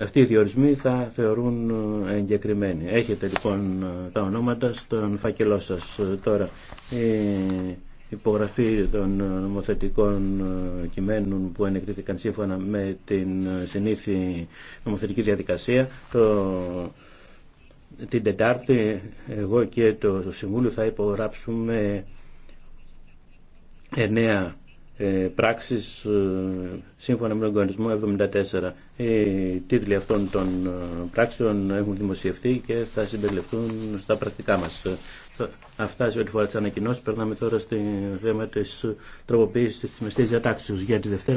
αυτοί οι διορισμοί θα θεωρούν ε, εγκεκριμένοι. Έχετε λοιπόν ε, τα ονόματα στον φάκελό σας ε, τώρα. Η υπογραφή των νομοθετικών κειμένων που ενεκρίθηκαν σύμφωνα με την συνήθη νομοθετική διαδικασία το... την Τετάρτη εγώ και το Συμβούλιο θα υπογράψουμε εννέα ε, πράξεις ε, σύμφωνα με τον οργανισμό 74. Ε, οι τίτλοι αυτών των πράξεων έχουν δημοσιευθεί και θα συμπεριληφθούν στα πρακτικά μας. Αυτά σε ό,τι φορά τις ανακοινώσεις. Περνάμε τώρα στο θέμα της τροποποίησης της μεστής διατάξεως για τη Δευτέρα.